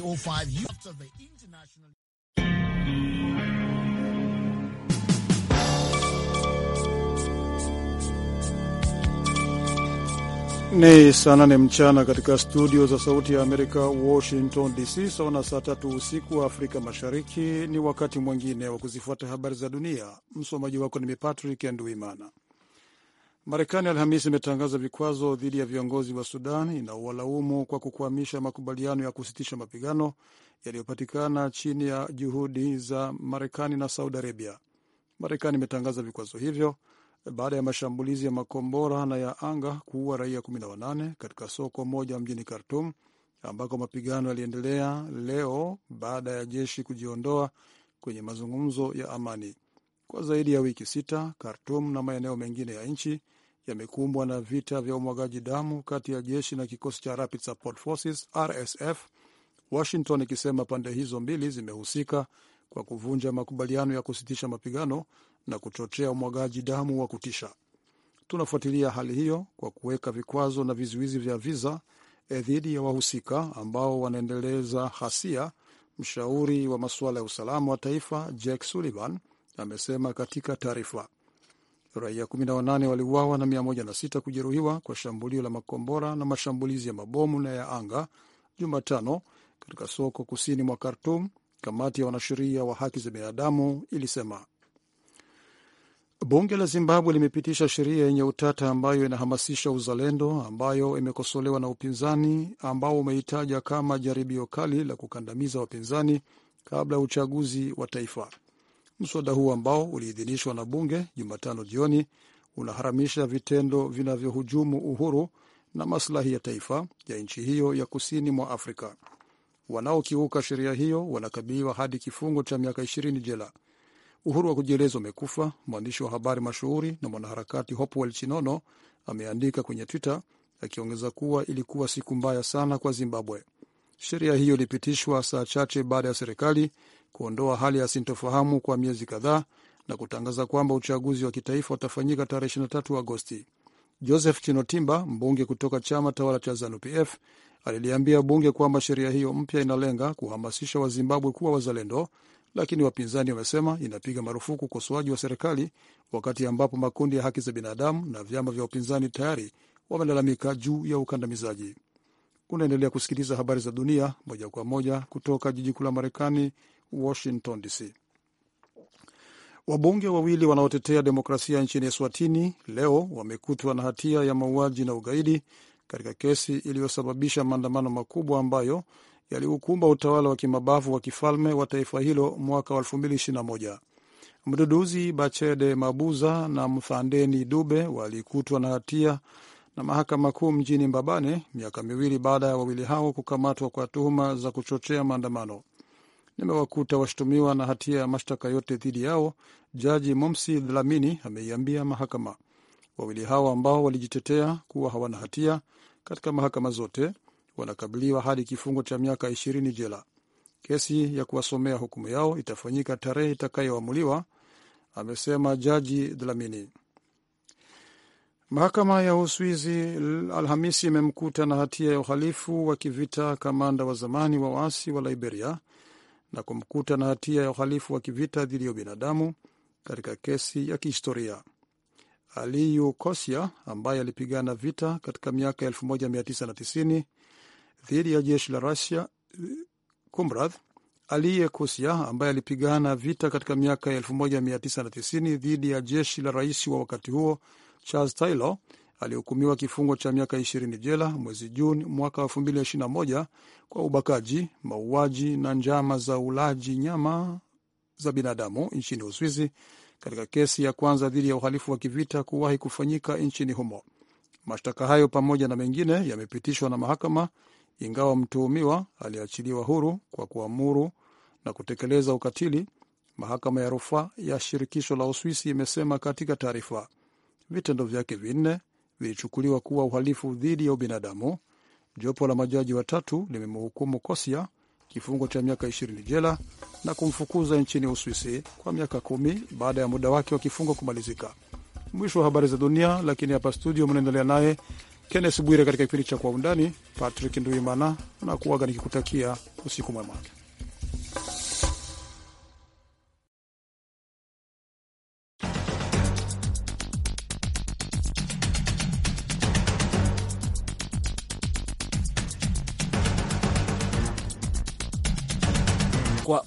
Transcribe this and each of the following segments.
VOA after the international ni saa nane mchana katika studio za Sauti ya Amerika, Washington DC, sawa na saa tatu usiku wa Afrika Mashariki. Ni wakati mwingine wa kuzifuata habari za dunia. Msomaji wako ni mipatrick Patrick Nduimana. Marekani Alhamisi imetangaza vikwazo dhidi ya viongozi wa Sudan inaowalaumu kwa kukwamisha makubaliano ya kusitisha mapigano yaliyopatikana chini ya juhudi za Marekani na Saudi Arabia. Marekani imetangaza vikwazo hivyo baada ya mashambulizi ya makombora na ya anga kuua raia 18 katika soko moja mjini Khartum, ambako mapigano yaliendelea leo baada ya jeshi kujiondoa kwenye mazungumzo ya amani kwa zaidi ya wiki sita. Khartum na maeneo mengine ya nchi yamekumbwa na vita vya umwagaji damu kati ya jeshi na kikosi cha Rapid Support Forces RSF, Washington ikisema pande hizo mbili zimehusika kwa kuvunja makubaliano ya kusitisha mapigano na kuchochea umwagaji damu wa kutisha. Tunafuatilia hali hiyo kwa kuweka vikwazo na vizuizi vya viza eh, dhidi ya wahusika ambao wanaendeleza hasia, mshauri wa masuala ya usalama wa taifa Jake Sullivan amesema katika taarifa raia 18 waliuawa na 106 kujeruhiwa kwa shambulio la makombora na mashambulizi ya mabomu na ya anga Jumatano katika soko kusini mwa Khartum, kamati ya wanasheria wa haki za binadamu ilisema. Bunge la Zimbabwe limepitisha sheria yenye utata ambayo inahamasisha uzalendo, ambayo imekosolewa na upinzani ambao umeitaja kama jaribio kali la kukandamiza wapinzani kabla ya uchaguzi wa taifa. Mswada huu ambao uliidhinishwa na bunge Jumatano jioni unaharamisha vitendo vinavyohujumu uhuru na maslahi ya taifa ya nchi hiyo ya kusini mwa Afrika. Wanaokiuka sheria hiyo wanakabiliwa hadi kifungo cha miaka ishirini jela. Uhuru wa kujieleza umekufa, mwandishi wa habari mashuhuri na mwanaharakati Hopewell Chinono ameandika kwenye Twitter, akiongeza kuwa ilikuwa siku mbaya sana kwa Zimbabwe. Sheria hiyo ilipitishwa saa chache baada ya serikali kuondoa hali ya sintofahamu kwa miezi kadhaa na kutangaza kwamba uchaguzi wa kitaifa utafanyika tarehe 23 Agosti. Joseph Chinotimba, mbunge kutoka chama tawala cha ZANUPF, aliliambia bunge kwamba sheria hiyo mpya inalenga kuhamasisha Wazimbabwe kuwa wazalendo, lakini wapinzani wamesema inapiga marufuku ukosoaji wa serikali, wakati ambapo makundi ya haki za binadamu na vyama vya upinzani tayari wamelalamika juu ya ukandamizaji. Unaendelea kusikiliza habari za dunia moja kwa moja kutoka jiji kuu la Marekani, Washington DC. Wabunge wawili wanaotetea demokrasia nchini Eswatini leo wamekutwa na hatia ya mauaji na ugaidi katika kesi iliyosababisha maandamano makubwa ambayo yaliukumba utawala wa kimabavu wa kifalme wa taifa hilo mwaka wa 2021. Mduduzi Bachede Mabuza na Mthandeni Dube walikutwa na hatia na mahakama kuu mjini Mbabane miaka miwili baada ya wawili hao kukamatwa kwa tuhuma za kuchochea maandamano limewakuta washutumiwa na hatia ya mashtaka yote dhidi yao, Jaji Momsi Dlamini ameiambia mahakama. Wawili hao ambao walijitetea kuwa hawana hatia katika mahakama zote wanakabiliwa hadi kifungo cha miaka ishirini jela. Kesi ya kuwasomea hukumu yao itafanyika tarehe itakayoamuliwa, amesema Jaji Dlamini. Mahakama ya Uswizi Alhamisi imemkuta na hatia ya uhalifu wa kivita kamanda wa zamani wa waasi wa Liberia na kumkuta na hatia ya uhalifu wa kivita dhidi ya binadamu katika kesi ya kihistoria. Aliyu Kosia ambaye alipigana vita katika miaka 1990 dhidi ya jeshi la Rusia kumrath Aliye Kosia ambaye alipigana vita katika miaka 1990 dhidi ya jeshi la rais wa wakati huo Charles Taylor alihukumiwa kifungo cha miaka ishirini jela mwezi Juni mwaka moja kwa ubakaji, mauaji na njama za ulaji nyama za binadamu nchini Uswizi, katika kesi ya kwanza dhidi ya uhalifu wa kivita kuwahi kufanyika nchini humo. Mashtaka hayo pamoja na mengine yamepitishwa na mahakama, ingawa mtuhumiwa aliachiliwa huru kwa kuamuru na kutekeleza ukatili. Mahakama ya rufaa ya shirikisho la Uswisi imesema katika taarifa vitendo vyake vinne vilichukuliwa kuwa uhalifu dhidi ya ubinadamu. Jopo la majaji watatu limemhukumu Kosia kifungo cha miaka 20 jela na kumfukuza nchini Uswisi kwa miaka kumi baada ya muda wake wa kifungo kumalizika. Mwisho wa habari za dunia, lakini hapa studio mnaendelea naye Kennes Bwire katika kipindi cha Kwa Undani. Patrick Nduimana anakuaga nikikutakia usiku mwema.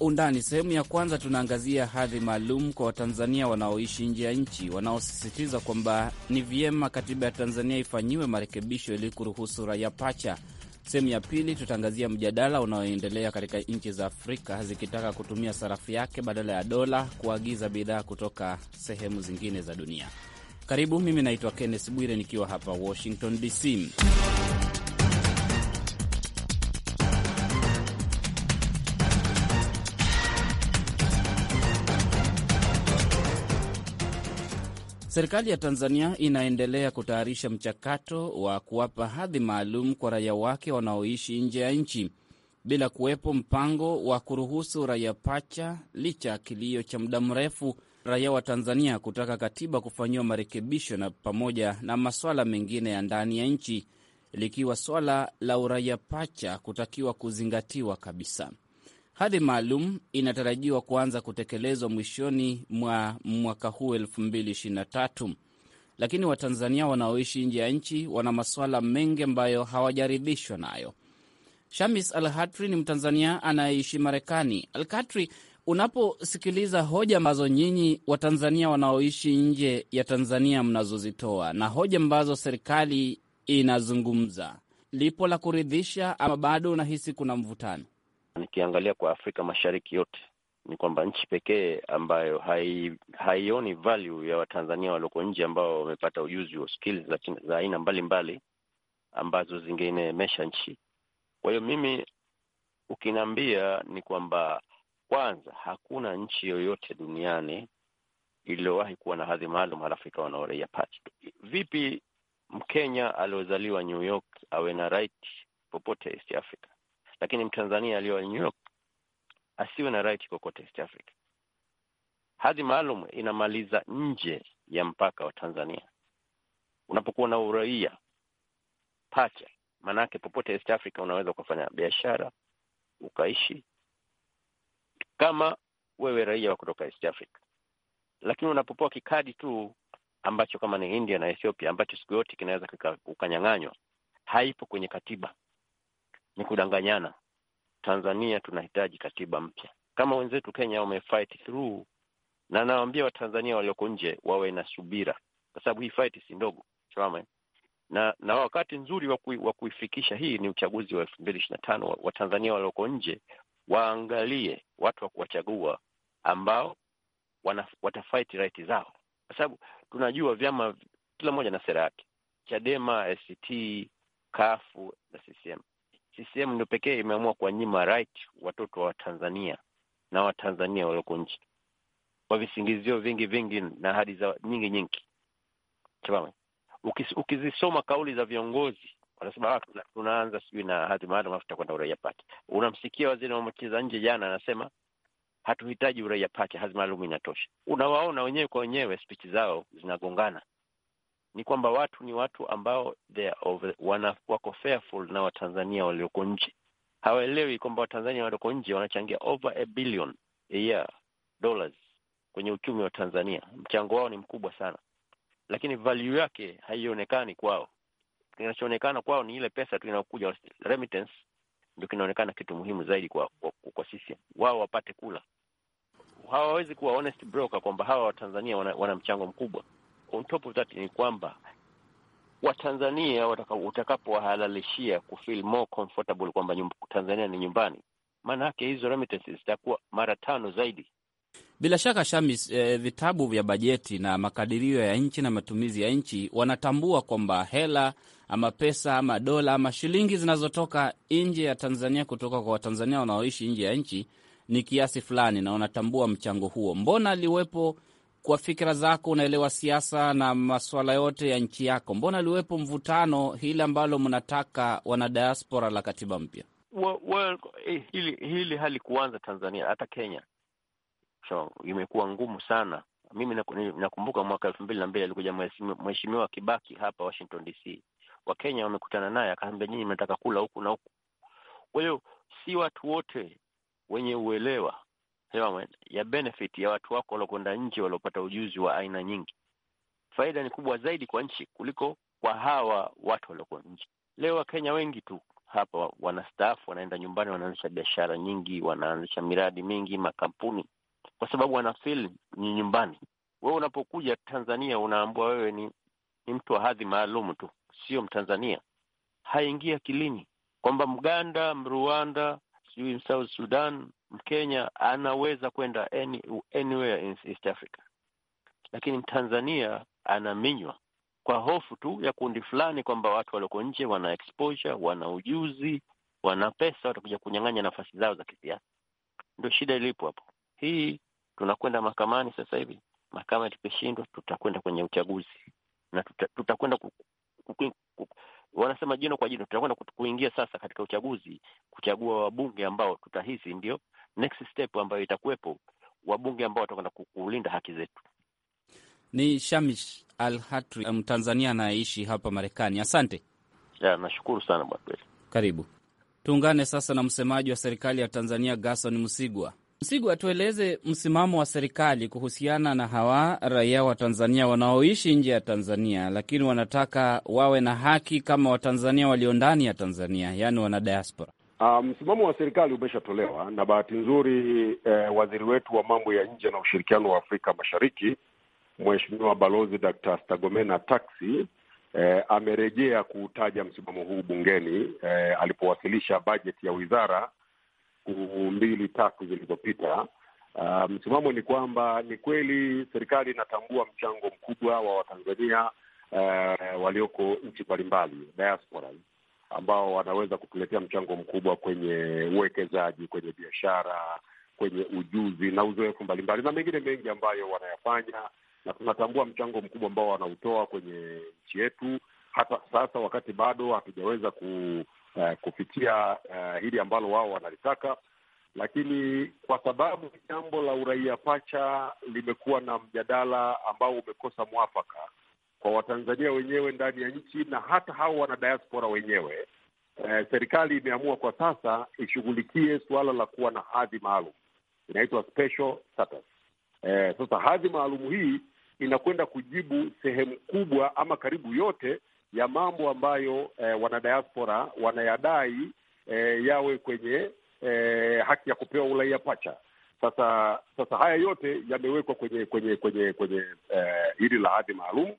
undani sehemu ya kwanza, tunaangazia hadhi maalum kwa Watanzania wanaoishi nje ya nchi wanaosisitiza kwamba ni vyema katiba ya Tanzania ifanyiwe marekebisho ili kuruhusu raia pacha. Sehemu ya pili tutaangazia mjadala unaoendelea katika nchi za Afrika zikitaka kutumia sarafu yake badala ya dola kuagiza bidhaa kutoka sehemu zingine za dunia. Karibu, mimi naitwa kennes Bwire nikiwa hapa Washington DC. Serikali ya Tanzania inaendelea kutayarisha mchakato wa kuwapa hadhi maalum kwa raia wake wanaoishi nje ya nchi bila kuwepo mpango wa kuruhusu raia pacha, licha ya kilio cha muda mrefu raia wa Tanzania kutaka katiba kufanyiwa marekebisho na pamoja na maswala mengine ya ndani ya nchi, likiwa swala la uraia pacha kutakiwa kuzingatiwa kabisa hadhi maalum inatarajiwa kuanza kutekelezwa mwishoni mwa mwaka huu 2023, lakini Watanzania wanaoishi nje ya nchi wana masuala mengi ambayo hawajaridhishwa nayo. Shamis Alhatri ni Mtanzania anayeishi Marekani. Katri, unaposikiliza hoja ambazo nyinyi Watanzania wanaoishi nje ya Tanzania mnazozitoa na hoja ambazo serikali inazungumza, lipo la kuridhisha ama bado unahisi kuna mvutano? Nikiangalia kwa Afrika Mashariki yote ni kwamba nchi pekee ambayo hai, haioni value ya Watanzania walioko nje ambao wamepata ujuzi wa skills za, aina mbalimbali ambazo zingeinemesha nchi. Kwa hiyo mimi ukiniambia ni kwamba kwanza, hakuna nchi yoyote duniani iliyowahi kuwa na hadhi maalum halafu ikawa na uraia pacha. Vipi Mkenya aliyozaliwa New York awe na right popote East Africa? lakini Mtanzania aliyo York asiwe na right kokote East Africa. Hadhi maalum inamaliza nje ya mpaka wa Tanzania. Unapokuwa na uraia pacha, maanake popote East Africa unaweza ukafanya biashara ukaishi kama wewe raia wa kutoka East Africa, lakini unapopoa kikadi tu ambacho kama ni India na Ethiopia ambacho siku yote kinaweza ukanyang'anywa, haipo kwenye katiba ni kudanganyana. Tanzania tunahitaji katiba mpya kama wenzetu Kenya wamefight through, na nawaambia Watanzania walioko nje wawe na subira, kwa sababu hii fight si ndogo chama na na wakati nzuri wa kuifikisha hii ni uchaguzi wa elfu mbili ishirini na tano. Watanzania walioko nje waangalie watu wa kuwachagua ambao wana, watafight right zao, kwa sababu tunajua vyama kila mmoja na sera yake. Chadema, ACT, Kafu na CCM CCM ndio pekee imeamua kuwanyima right watoto wa tanzania na Watanzania walioko nchi kwa visingizio vingi vingi na ahadi za nyingi nyingi. Ukis, ukizisoma kauli za viongozi wanasema ah, tunaanza sijui na hadhi maalum afu tutakwenda uraia pake. Unamsikia waziri wa mambo nje jana anasema hatuhitaji uraia pake, hadhi maalum inatosha. Unawaona wenyewe kwa wenyewe, spichi zao zinagongana ni kwamba watu ni watu ambao they are over, wana, wako fearful na Watanzania walioko nje. Hawaelewi kwamba Watanzania walioko nje wanachangia over a billion a year dollars kwenye uchumi wa Tanzania. Mchango wao ni mkubwa sana, lakini value yake haionekani kwao. Kinachoonekana kwao ni ile pesa tu inayokuja remittance, ndio kinaonekana kitu muhimu zaidi kwa, kwa, kwa sisi. Wao wapate kula, hawawezi kuwa honest broker kwamba hawa Watanzania wana, wana mchango mkubwa on top of that ni kwamba Watanzania utakapowahalalishia ku feel more comfortable kwamba Tanzania ni nyumbani, maana yake hizo remittances zitakuwa mara tano zaidi. Bila shaka Shamis, eh, vitabu vya bajeti na makadirio ya nchi na matumizi ya nchi wanatambua kwamba hela ama pesa ama dola ama shilingi zinazotoka nje ya Tanzania kutoka kwa Watanzania wanaoishi nje ya nchi ni kiasi fulani, na wanatambua mchango huo. Mbona aliwepo kwa fikira zako unaelewa siasa na masuala yote ya nchi yako, mbona aliwepo mvutano hili ambalo mnataka wana diaspora la katiba mpya? Well, well, eh, hili, hili halikuanza Tanzania, hata Kenya so, imekuwa ngumu sana. Mimi nakumbuka mwaka elfu mbili na mbili alikuja mheshimiwa Kibaki hapa Washington DC, Wakenya wamekutana naye akaambia, nyinyi mnataka kula huku na huku. Kwa hiyo si watu wote wenye uelewa sema ya benefit ya watu wako waliokwenda nje, waliopata ujuzi wa aina nyingi. Faida ni kubwa zaidi kwa nchi kuliko kwa hawa watu walioko nje. Leo Wakenya wengi tu hapa wanastaafu, wanaenda nyumbani, wanaanzisha biashara nyingi, wanaanzisha miradi mingi, makampuni, kwa sababu wanafil ni nyumbani. Wewe unapokuja Tanzania unaambua wewe ni, ni mtu wa hadhi maalum tu, sio Mtanzania. Haingia kilini kwamba Mganda, mruanda sijui South Sudan Mkenya anaweza kwenda any, anywhere in East Africa, lakini tanzania anaminywa kwa hofu tu ya kundi fulani kwamba watu walioko nje wana exposure, wana ujuzi, wana pesa, watakuja kunyang'anya nafasi zao za kisiasa. Ndio shida ilipo hapo. Hii tunakwenda mahakamani sasa hivi, mahakama tukishindwa, tutakwenda kwenye uchaguzi na tutakwenda tuta wanasema jino kwa jino, tutakwenda kuingia sasa katika uchaguzi kuchagua wabunge ambao tutahisi ndio next step ambayo itakuwepo, wabunge ambao watakwenda kulinda haki zetu. Ni Shamish Al Hatri, Mtanzania um, anayeishi hapa Marekani. Asante ya, nashukuru sana bwana. Karibu tuungane sasa na msemaji wa serikali ya Tanzania Gason Msigwa. Msigwa, tueleze msimamo wa serikali kuhusiana na hawa raia wa Tanzania wanaoishi nje ya Tanzania lakini wanataka wawe na haki kama Watanzania walio ndani ya Tanzania, yaani wana diaspora. Um, msimamo um, wa serikali umeshatolewa na bahati nzuri eh, waziri wetu wa mambo ya nje na ushirikiano wa Afrika Mashariki Mheshimiwa Balozi Dr. Stagomena Taxi eh, amerejea kuutaja msimamo huu bungeni eh, alipowasilisha bajeti ya wizara kuu mbili tatu zilizopita. Uh, msimamo ni kwamba ni kweli serikali inatambua mchango mkubwa wa Watanzania eh, walioko nchi mbalimbali diaspora ambao wanaweza kutuletea mchango mkubwa kwenye uwekezaji, kwenye biashara, kwenye ujuzi na uzoefu mbalimbali na mengine mengi ambayo wanayafanya, na tunatambua mchango mkubwa ambao wanautoa kwenye nchi yetu, hata sasa wakati bado hatujaweza ku, uh, kufikia uh, hili ambalo wao wanalitaka lakini kwa sababu jambo la uraia pacha limekuwa na mjadala ambao umekosa mwafaka, kwa Watanzania wenyewe ndani ya nchi na hata hao wana diaspora wenyewe. Eh, serikali imeamua kwa sasa ishughulikie suala la kuwa na hadhi maalum inaitwa special status. Eh, sasa hadhi maalum hii inakwenda kujibu sehemu kubwa ama karibu yote ya mambo ambayo eh, wanadiaspora wanayadai eh, yawe kwenye eh, haki ya kupewa uraia pacha. Sasa sasa haya yote yamewekwa kwenye kwenye kwenye kwenye eh, hili eh, la hadhi maalum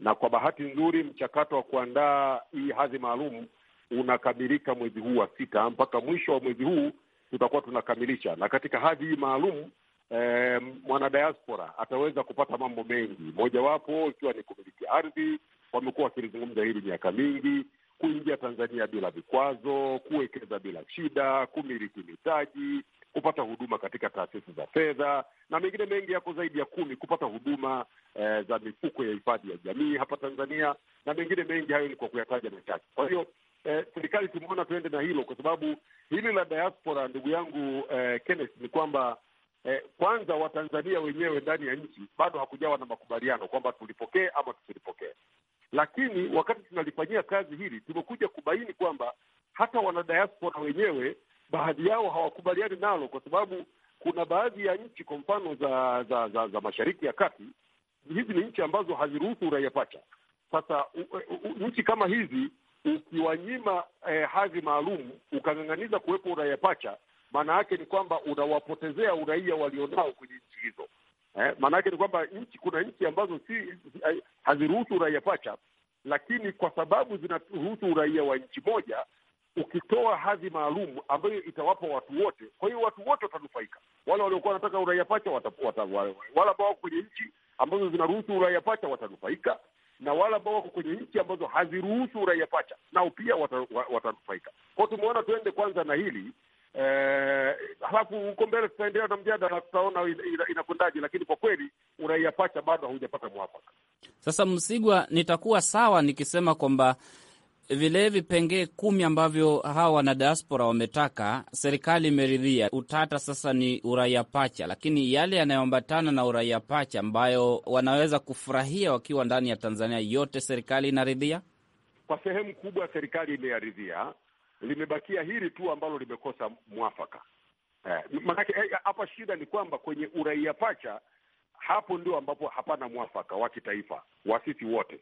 na kwa bahati nzuri mchakato wa kuandaa hii hadhi maalum unakamilika mwezi huu wa sita. Mpaka mwisho wa mwezi huu tutakuwa tunakamilisha, na katika hadhi hii maalum eh, mwanadiaspora ataweza kupata mambo mengi, mojawapo ikiwa ni kumiliki ardhi. Wamekuwa wakilizungumza hili miaka mingi, kuingia Tanzania bila vikwazo, kuwekeza bila shida, kumiliki mitaji kupata huduma katika taasisi za fedha na mengine mengi yako zaidi ya kumi, kupata huduma eh, za mifuko ya hifadhi ya jamii hapa Tanzania na mengine mengi. Hayo ni kwa kuyataja machache. Kwa hiyo eh, serikali tumeona tuende na hilo, kwa sababu hili la diaspora, ndugu yangu eh, Kenneth, ni kwamba eh, kwanza Watanzania wenyewe ndani ya nchi bado hakujawa na makubaliano kwamba tulipokee ama tusilipokee, lakini wakati tunalifanyia kazi hili tumekuja kubaini kwamba hata wanadiaspora wenyewe baadhi yao hawakubaliani nalo, kwa sababu kuna baadhi ya nchi kwa mfano za za, za za mashariki ya kati, hizi ni nchi ambazo haziruhusu uraia pacha. Sasa nchi kama hizi ukiwanyima eh, hadhi maalum ukang'ang'aniza kuwepo uraia pacha, maana yake ni kwamba unawapotezea uraia walionao kwenye nchi hizo. Eh, maana yake ni kwamba nchi, kuna nchi ambazo si eh, haziruhusu uraia pacha, lakini kwa sababu zinaruhusu uraia wa nchi moja ukitoa hadhi maalum ambayo itawapa watu wote. Kwa hiyo watu wote watanufaika, wale waliokuwa wanataka uraia pacha, wale ambao wako kwenye nchi ambazo zinaruhusu uraia pacha watanufaika, na wale ambao wako kwenye nchi ambazo haziruhusu uraia pacha nao pia watanufaika. Kwao tumeona tuende kwanza na hili eh, halafu huko mbele tutaendelea na mjadala, tutaona inakwendaje, lakini kwa kweli uraia pacha bado haujapata mwafaka. Sasa Msigwa, nitakuwa sawa nikisema kwamba vile vipengee kumi ambavyo hawa wanadiaspora wametaka, serikali imeridhia. Utata sasa ni uraia pacha, lakini yale yanayoambatana na uraia pacha ambayo wanaweza kufurahia wakiwa ndani ya Tanzania, yote serikali inaridhia. Kwa sehemu kubwa serikali imeyaridhia, limebakia hili tu ambalo limekosa mwafaka. Eh, manake eh, hapa eh, shida ni kwamba kwenye uraia pacha hapo ndio ambapo hapana mwafaka wa kitaifa wa sisi wote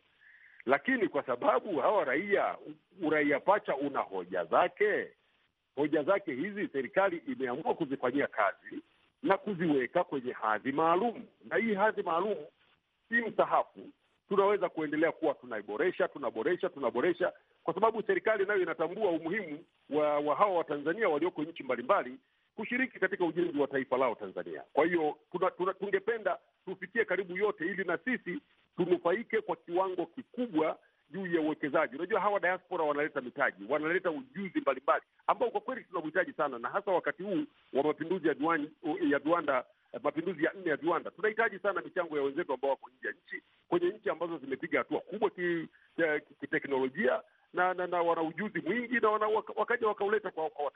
lakini kwa sababu hawa raia, uraia pacha una hoja zake. Hoja zake hizi serikali imeamua kuzifanyia kazi na kuziweka kwenye hadhi maalum, na hii hadhi maalum si msahafu. Tunaweza kuendelea kuwa tunaiboresha, tunaboresha, tunaboresha, kwa sababu serikali nayo inatambua umuhimu wa, wa hawa Watanzania walioko nchi mbalimbali kushiriki katika ujenzi wa taifa lao Tanzania. Kwa hiyo tungependa tufikie karibu yote, ili na sisi tunufaike kwa kiwango kikubwa juu ya uwekezaji. Unajua, hawa diaspora wanaleta mitaji, wanaleta ujuzi mbalimbali ambao kwa kweli tunauhitaji sana, na hasa wakati huu wa mapinduzi ya viwanda ya viwanda eh, mapinduzi ya nne ya viwanda, tunahitaji sana michango ya wenzetu ambao wako nje ya nchi, kwenye nchi ambazo zimepiga hatua kubwa eh, kiteknolojia ki, ki, ki na, na, na wana ujuzi mwingi na wana, wakaja wakauleta kwa, kwa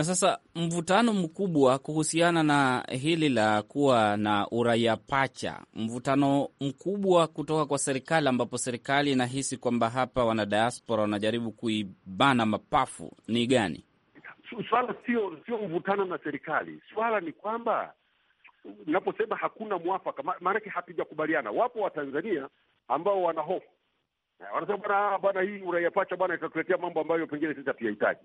na sasa mvutano mkubwa kuhusiana na hili la kuwa na uraia pacha, mvutano mkubwa kutoka kwa serikali, ambapo serikali inahisi kwamba hapa wanadiaspora wanajaribu kuibana mapafu ni gani? Swala sio sio mvutano na serikali, swala ni kwamba naposema hakuna mwafaka, maanake hatujakubaliana. Wapo Watanzania ambao wana hofu, wanasema bwana, hii uraia pacha bwana, itatuletea mambo ambayo pengine sisi hatuyahitaji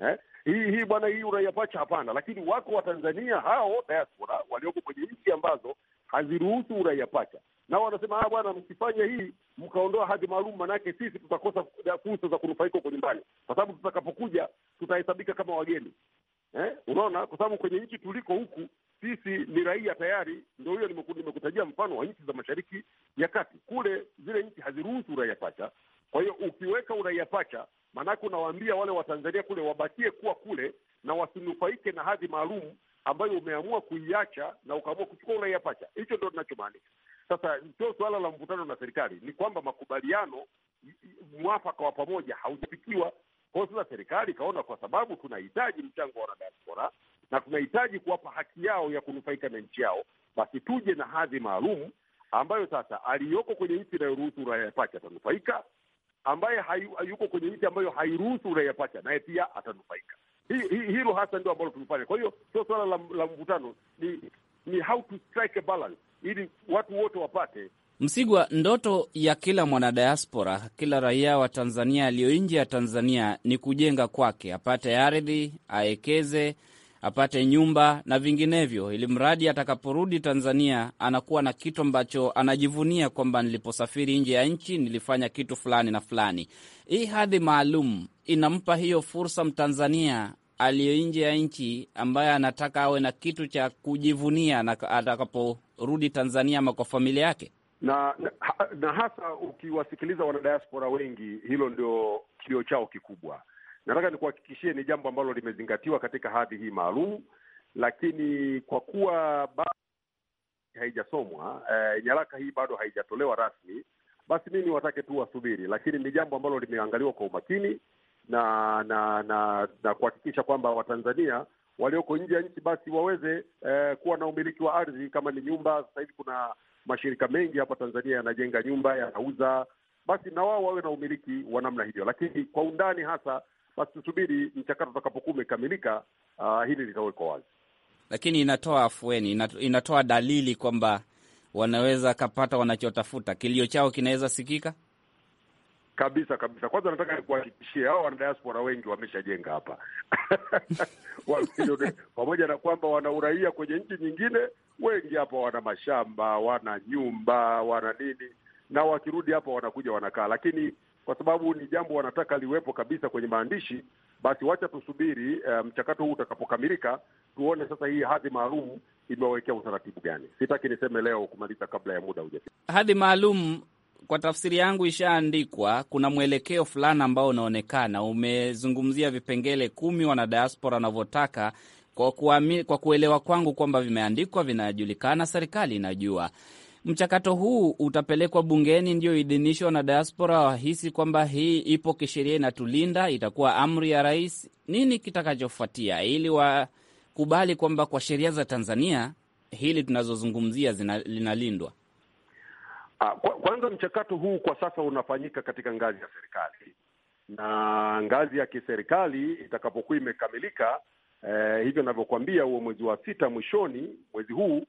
eh? Hii hii bwana, hii uraia pacha, hapana. Lakini wako Watanzania hao diaspora walioko kwenye nchi ambazo haziruhusu uraia pacha, nao wanasema ah, bwana, mkifanya hii mkaondoa hadhi maalum, manake sisi tutakosa fursa za kunufaika huko nyumbani, kwa sababu tutakapokuja tutahesabika kama wageni eh? Unaona, kwa sababu kwenye nchi tuliko huku sisi ni raia tayari. Ndo hiyo nimekutajia mfano wa nchi za mashariki ya kati, kule zile nchi haziruhusu uraia pacha. Kwa hiyo ukiweka uraia pacha Maanake unawaambia wale Watanzania kule wabakie kuwa kule na wasinufaike na hadhi maalum ambayo umeamua kuiacha na ukaamua kuchukua uraia pacha. Hicho ndio tunachomaanisha. Sasa sio suala la mvutano na serikali, ni kwamba makubaliano mwafaka wa pamoja haujafikiwa. Kwa hiyo sasa serikali ikaona kwa sababu tunahitaji mchango wa wanadiaspora na tunahitaji kuwapa haki yao ya kunufaika na nchi yao, basi tuje na hadhi maalum ambayo sasa aliyoko kwenye nchi inayoruhusu uraia pacha atanufaika ambaye hayuko kwenye nchi ambayo hairuhusu unayepacha, naye pia atanufaika. Hilo hasa ndio ambalo tumefanya. Kwa hiyo sio suala la, la mvutano, ni ni how to strike a balance ili watu wote wapate. Msigwa, ndoto ya kila mwanadiaspora, kila raia wa Tanzania aliyo nje ya Tanzania ni kujenga kwake, apate ardhi, aekeze apate nyumba na vinginevyo, ili mradi atakaporudi Tanzania anakuwa na kitu ambacho anajivunia kwamba niliposafiri nje ya nchi nilifanya kitu fulani na fulani. Hii hadhi maalum inampa hiyo fursa Mtanzania aliyo nje ya nchi ambaye anataka awe na kitu cha kujivunia na atakaporudi Tanzania ama kwa familia yake. Na, na, na hasa ukiwasikiliza wanadiaspora wengi, hilo ndio kilio chao kikubwa Nataka nikuhakikishie ni jambo ambalo limezingatiwa katika hadhi hii maalum, lakini kwa kuwa bado haijasomwa eh, nyaraka hii bado haijatolewa rasmi, basi mimi niwatake tu wasubiri, lakini ni jambo ambalo limeangaliwa kwa umakini na na na, na kuhakikisha kwamba Watanzania walioko nje ya nchi basi waweze eh, kuwa na umiliki wa ardhi kama ni nyumba. Sasa hivi kuna mashirika mengi hapa Tanzania yanajenga nyumba, yanauza, basi na wao wawe na umiliki wa namna hiyo, lakini kwa undani hasa basi tusubiri mchakato utakapokuwa umekamilika, uh, hili litawekwa wazi. Lakini inatoa afueni, inatoa dalili kwamba wanaweza kapata wanachotafuta, kilio chao kinaweza sikika kabisa kabisa. Kwanza nataka nikuhakikishie hao wanadiaspora wengi wameshajenga hapa pamoja na kwamba wana uraia kwenye nchi nyingine, wengi hapa wana mashamba, wana nyumba, wana nini, na wakirudi hapa wanakuja wanakaa, lakini kwa sababu ni jambo wanataka liwepo kabisa kwenye maandishi. Basi wacha tusubiri eh, mchakato um, huu utakapokamilika, tuone sasa hii hadhi maalum imewekea utaratibu gani. Sitaki niseme leo kumaliza kabla ya muda hujafika. Hadhi maalum kwa tafsiri yangu ishaandikwa, kuna mwelekeo fulani ambao unaonekana. Umezungumzia vipengele kumi wanadiaspora wanavyotaka kwa, kwa kuelewa kwangu kwamba vimeandikwa, vinajulikana, serikali inajua Mchakato huu utapelekwa bungeni ndio idhinishwa na diaspora wahisi kwamba hii ipo kisheria, inatulinda, itakuwa amri ya rais. Nini kitakachofuatia ili wakubali kwamba kwa sheria za Tanzania hili tunazozungumzia linalindwa? Ah, kwanza, mchakato huu kwa sasa unafanyika katika ngazi ya serikali, na ngazi ya kiserikali itakapokuwa imekamilika, eh, hivyo ninavyokuambia, huo mwezi wa sita mwishoni, mwezi huu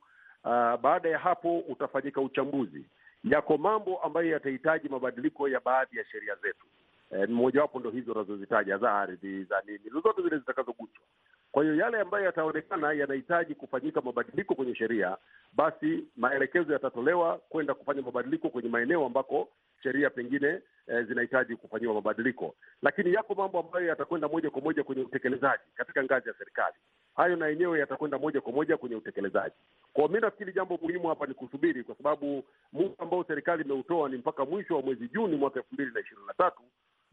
Uh, baada ya hapo utafanyika uchambuzi. Yako mambo ambayo yatahitaji mabadiliko ya baadhi ya sheria zetu mmojawapo eh, mojawapo ndo hizo unazozitaja za ardhi za nini, zozote zile zitakazoguswa. Kwa hiyo yale ambayo yataonekana yanahitaji kufanyika mabadiliko kwenye sheria, basi maelekezo yatatolewa kwenda kufanya mabadiliko kwenye maeneo ambako sheria pengine e, zinahitaji kufanyiwa mabadiliko, lakini yako mambo ambayo yatakwenda moja kwa moja kwenye utekelezaji katika ngazi ya serikali. Hayo na yenyewe yatakwenda moja kwa moja kwenye utekelezaji. Kwa mi nafikiri jambo muhimu hapa ni kusubiri, kwa sababu muda ambao serikali imeutoa ni mpaka mwisho wa mwezi Juni mwaka elfu mbili na ishirini na tatu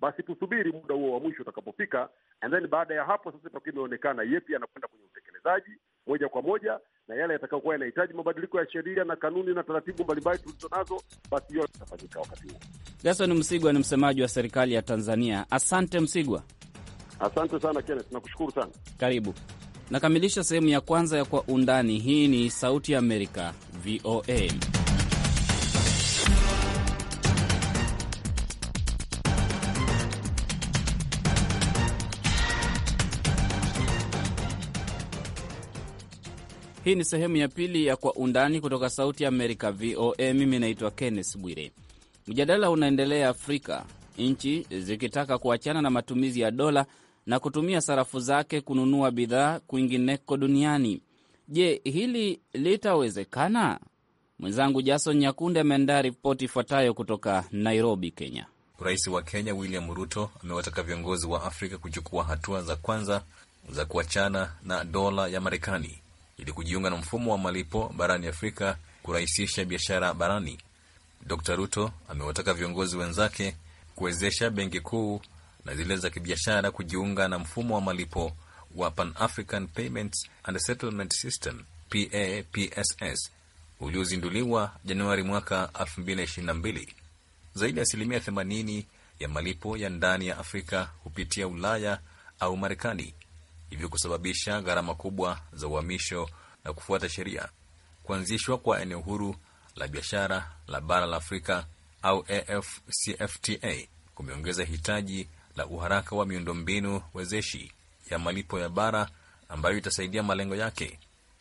basi tusubiri muda huo wa mwisho utakapofika, and then baada ya hapo sasa itakuwa imeonekana yepi anakwenda kwenye utekelezaji moja kwa moja, na yale yatakayokuwa yanahitaji mabadiliko ya sheria na kanuni na taratibu mbalimbali tulizo nazo, basi yote itafanyika wakati huo. Gerson Msigwa ni msemaji wa serikali ya Tanzania. Asante Msigwa. Asante sana Kenneth, nakushukuru sana. Karibu. Nakamilisha sehemu ya kwanza ya Kwa Undani. Hii ni Sauti ya Amerika, VOA. Hii ni sehemu ya pili ya Kwa Undani kutoka Sauti ya Amerika, VOA. Mimi naitwa Kenneth Bwire. Mjadala unaendelea Afrika, nchi zikitaka kuachana na matumizi ya dola na kutumia sarafu zake kununua bidhaa kwingineko duniani. Je, hili litawezekana? Mwenzangu Jason Nyakunde ameandaa ripoti ifuatayo kutoka Nairobi, Kenya. Rais wa Kenya William Ruto amewataka viongozi wa Afrika kuchukua hatua za kwanza za kuachana na dola ya Marekani ili kujiunga na mfumo wa malipo barani Afrika kurahisisha biashara barani. Dr Ruto amewataka viongozi wenzake kuwezesha benki kuu na zile za kibiashara kujiunga na mfumo wa malipo wa Pan-African Payments and Settlement System PAPSS uliozinduliwa Januari mwaka 2022. Zaidi ya asilimia 80 ya malipo ya ndani ya Afrika hupitia Ulaya au Marekani, hivyo kusababisha gharama kubwa za uhamisho na kufuata sheria. Kuanzishwa kwa eneo huru la biashara la bara la Afrika au AfCFTA kumeongeza hitaji la uharaka wa miundombinu wezeshi ya malipo ya bara ambayo itasaidia malengo yake.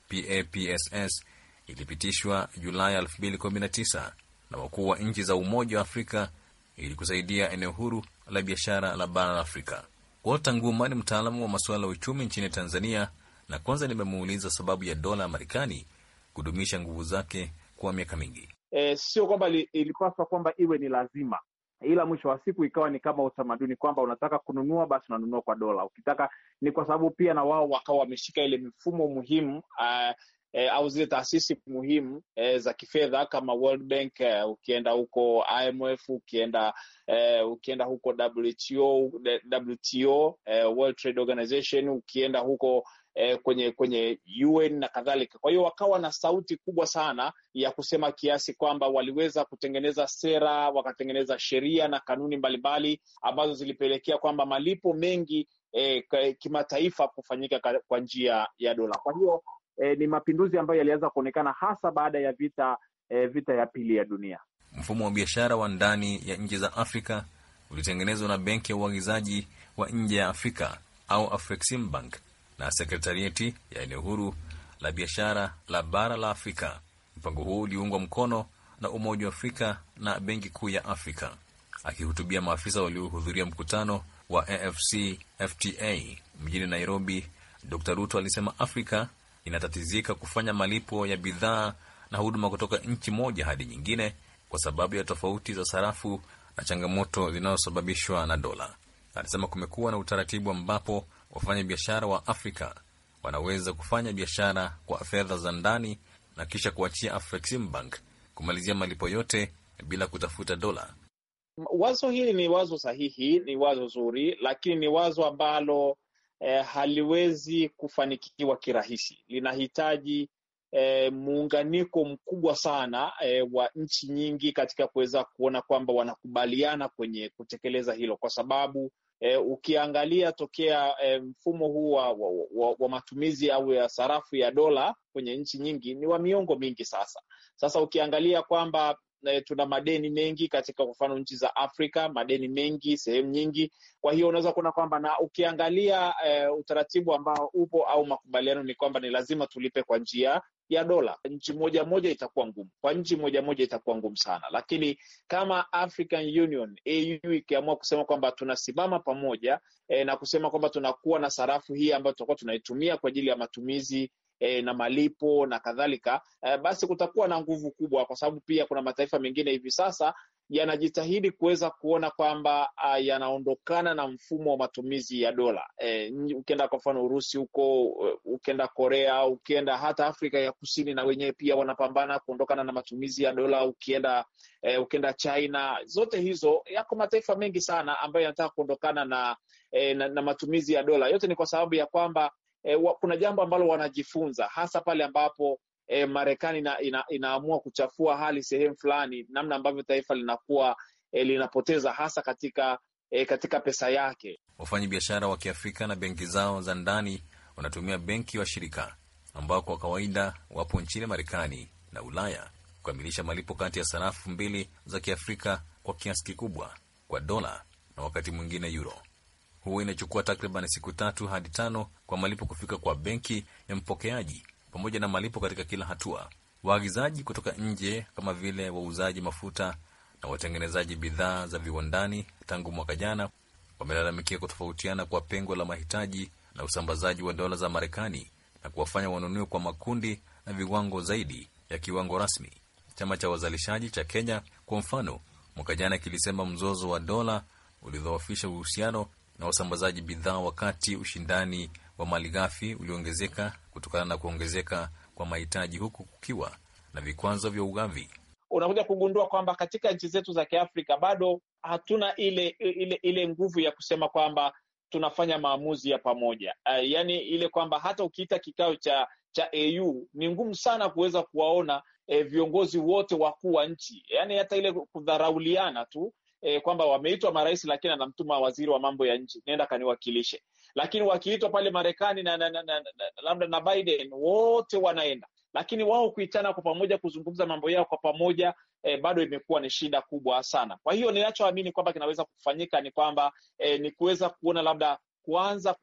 PAPSS ilipitishwa Julai 2019 na wakuu wa nchi za Umoja wa Afrika ili kusaidia eneo huru la biashara la bara la Afrika. Walter Nguma ni mtaalamu wa masuala ya uchumi nchini Tanzania, na kwanza nimemuuliza sababu ya dola ya Marekani kudumisha nguvu zake kwa miaka mingi. E, sio kwamba ilipaswa kwamba iwe ni lazima, ila mwisho wa siku ikawa ni kama utamaduni kwamba unataka kununua basi unanunua kwa dola, ukitaka ni kwa sababu pia na wao wakawa wameshika ile mifumo muhimu uh, eh, au zile taasisi muhimu eh, za kifedha kama World Bank eh, ukienda huko IMF ukienda eh, ukienda huko WTO, WTO eh, World Trade Organization ukienda huko eh, kwenye kwenye UN na kadhalika. Kwa hiyo wakawa na sauti kubwa sana ya kusema kiasi kwamba waliweza kutengeneza sera, wakatengeneza sheria na kanuni mbalimbali ambazo zilipelekea kwamba malipo mengi e, kimataifa kufanyika kwa njia ya dola. Kwa hiyo eh, ni mapinduzi ambayo yalianza kuonekana hasa baada ya vita eh, vita ya pili ya dunia. Mfumo wa biashara wa ndani ya nchi za Afrika ulitengenezwa na benki ya uagizaji wa nje ya Afrika au Afreximbank na sekretarieti ya eneo huru la biashara la bara la Afrika. Mpango huu uliungwa mkono na Umoja wa Afrika na Benki Kuu ya Afrika. Akihutubia maafisa waliohudhuria mkutano wa FTA mjini Nairobi, Dr Ruto alisema Afrika inatatizika kufanya malipo ya bidhaa na huduma kutoka nchi moja hadi nyingine kwa sababu ya tofauti za sarafu na changamoto zinazosababishwa na dola. Anasema kumekuwa na utaratibu ambapo wafanyabiashara wa Afrika wanaweza kufanya biashara kwa fedha za ndani na kisha kuachia Afreximbank kumalizia malipo yote bila kutafuta dola. Wazo hili ni wazo sahihi, ni wazo zuri, lakini ni wazo ambalo eh, haliwezi kufanikiwa kirahisi, linahitaji eh, muunganiko mkubwa sana eh, wa nchi nyingi katika kuweza kuona kwamba wanakubaliana kwenye kutekeleza hilo, kwa sababu eh, ukiangalia tokea eh, mfumo huu wa, wa, wa, wa matumizi au ya sarafu ya dola kwenye nchi nyingi ni wa miongo mingi sasa. Sasa ukiangalia kwamba tuna madeni mengi katika, kwa mfano, nchi za Afrika, madeni mengi sehemu nyingi. Kwa hiyo unaweza kuona kwamba na ukiangalia eh, utaratibu ambao upo au makubaliano ni kwamba ni lazima tulipe kwa njia ya dola. Nchi moja moja itakuwa ngumu, kwa nchi moja moja itakuwa ngumu sana, lakini kama African Union AU ikiamua kusema kwamba tunasimama pamoja eh, na kusema kwamba tunakuwa na sarafu hii ambayo tutakuwa tunaitumia kwa ajili ya matumizi e, na malipo na kadhalika e, basi kutakuwa na nguvu kubwa, kwa sababu pia kuna mataifa mengine hivi sasa yanajitahidi kuweza kuona kwamba yanaondokana na mfumo wa matumizi ya dola. E, ukienda kwa mfano Urusi huko, e, ukienda Korea, ukienda hata Afrika ya Kusini, na wenyewe pia wanapambana kuondokana na matumizi ya dola. Ukienda e, ukienda China, zote hizo yako mataifa mengi sana ambayo yanataka kuondokana na, e, na, na matumizi ya dola. Yote ni kwa sababu ya kwamba e, wa, kuna jambo ambalo wanajifunza hasa pale ambapo e, Marekani ina, ina, inaamua kuchafua hali sehemu fulani, namna ambavyo taifa linakuwa e, linapoteza hasa katika e, katika pesa yake. Wafanyabiashara wa Kiafrika na benki zao za ndani wanatumia benki wa shirika ambao kwa kawaida wapo nchini Marekani na Ulaya kukamilisha malipo kati ya sarafu mbili za Kiafrika kwa kiasi kikubwa kwa dola na wakati mwingine euro huwa inachukua takriban siku tatu hadi tano kwa malipo kufika kwa benki ya mpokeaji pamoja na malipo katika kila hatua. Waagizaji kutoka nje kama vile wauzaji mafuta na watengenezaji bidhaa za viwandani tangu mwaka jana wamelalamikia kutofautiana kwa pengo la mahitaji na usambazaji wa dola za Marekani na kuwafanya wanunue kwa makundi na viwango zaidi ya kiwango rasmi. Chama cha wazalishaji cha Kenya kwa mfano, mwaka jana kilisema mzozo wa dola ulidhoofisha uhusiano na wasambazaji bidhaa, wakati ushindani wa mali ghafi uliongezeka kutokana na kuongezeka kwa mahitaji, huku kukiwa na vikwazo vya ugavi. Unakuja kugundua kwamba katika nchi zetu za Kiafrika bado hatuna ile ile ile nguvu ya kusema kwamba tunafanya maamuzi ya pamoja. Uh, yani ile kwamba hata ukiita kikao cha cha AU ni ngumu sana kuweza kuwaona eh, viongozi wote wakuu wa nchi, yani hata ile kudharauliana tu e, kwamba wameitwa marais lakini anamtuma waziri wa mambo ya nje, nenda kaniwakilishe. Lakini wakiitwa pale Marekani na labda na, na, na, na, na Biden, wote wanaenda, lakini wao kuitana kwa pamoja kuzungumza mambo yao kwa pamoja E, bado imekuwa ni shida kubwa sana. Kwa hiyo ninachoamini kwamba kinaweza kufanyika ni kwamba e, ni kuweza kuona labda kuanza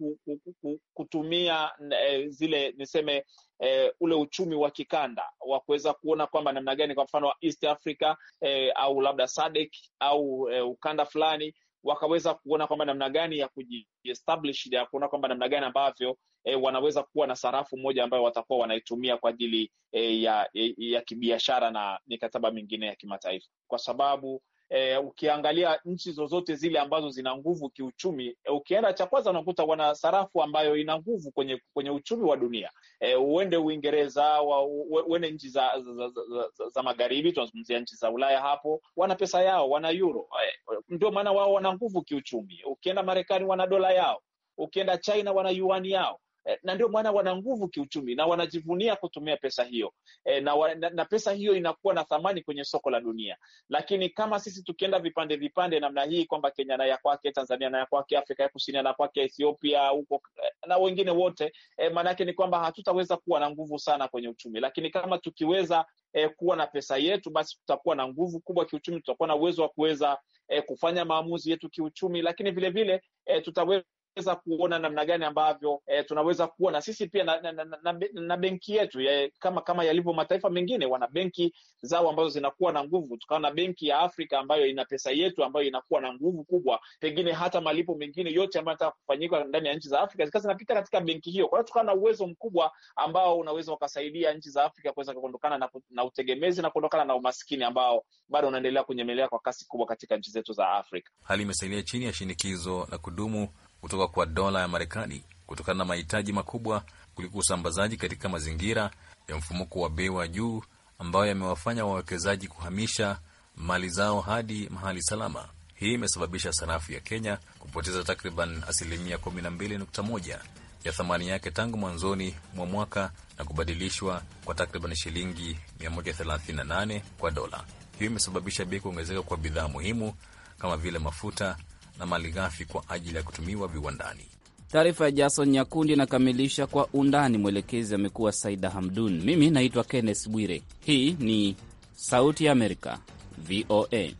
kutumia eh, zile niseme E, ule uchumi wa kikanda wa kuweza kuona kwamba namna gani kwa mfano wa East Africa e, au labda SADC au e, ukanda fulani wakaweza kuona kwamba namna gani ya kujiestablish ya kuona kwamba namna gani ambavyo e, wanaweza kuwa na sarafu moja ambayo watakuwa wanaitumia kwa ajili e, ya, ya kibiashara na mikataba mingine ya kimataifa, kwa sababu eh, ukiangalia nchi zozote zile ambazo zina nguvu kiuchumi eh, ukienda cha kwanza unakuta wana sarafu ambayo ina nguvu kwenye kwenye uchumi wa dunia eh, uende Uingereza, uende nchi za, za, za, za, za, za magharibi, tunazungumzia nchi za Ulaya hapo, wana pesa yao, wana euro eh, ndio maana wao wana nguvu kiuchumi. Ukienda Marekani wana dola yao, ukienda China wana yuani yao e, na ndio maana wana nguvu kiuchumi na wanajivunia kutumia pesa hiyo e, na, wa, na, na pesa hiyo inakuwa na thamani kwenye soko la dunia. Lakini kama sisi tukienda vipande vipande namna hii kwamba Kenya na ya kwake, Tanzania na ya kwake, Afrika ya Kusini na kwake, Ethiopia huko eh, na wengine wote e, maanake ni kwamba hatutaweza kuwa na nguvu sana kwenye uchumi, lakini kama tukiweza E, kuwa na pesa yetu basi tutakuwa na nguvu kubwa kiuchumi, tutakuwa na uwezo wa kuweza e, kufanya maamuzi yetu kiuchumi, lakini vilevile vile, e, tutaweza weza kuona namna gani ambavyo e, tunaweza kuwa na sisi pia na, na, na, na, na benki yetu ya, eh, kama kama yalivyo mataifa mengine, wana benki zao ambazo zinakuwa na nguvu. Tukawa na benki ya Afrika ambayo ina pesa yetu ambayo inakuwa na nguvu kubwa, pengine hata malipo mengine yote ambayo anataka kufanyika ndani ya nchi za Afrika zikawa zinapita katika benki hiyo. Kwa hiyo tukawa na uwezo mkubwa ambao unaweza ukasaidia nchi za Afrika kuweza kuondokana na, na utegemezi na kuondokana na umaskini ambao bado unaendelea kunyemelea kwa kasi kubwa katika nchi zetu za Afrika. Hali imesalia chini ya shinikizo la kudumu kutoka kwa dola ya Marekani kutokana na mahitaji makubwa kuliko usambazaji katika mazingira ya mfumuko wa bei wa juu ambayo yamewafanya wawekezaji kuhamisha mali zao hadi mahali salama. Hii imesababisha sarafu ya Kenya kupoteza takriban asilimia 12.1 ya thamani yake tangu mwanzoni mwa mwaka na kubadilishwa kwa takriban shilingi 138 kwa dola. Hiyo imesababisha bei kuongezeka kwa bidhaa muhimu kama vile mafuta na malighafi kwa ajili ya kutumiwa viwandani. Taarifa ya Jason Nyakundi inakamilisha kwa undani. Mwelekezi amekuwa Saida Hamdun. Mimi naitwa Kenneth Bwire. Hii ni Sauti ya Amerika, VOA.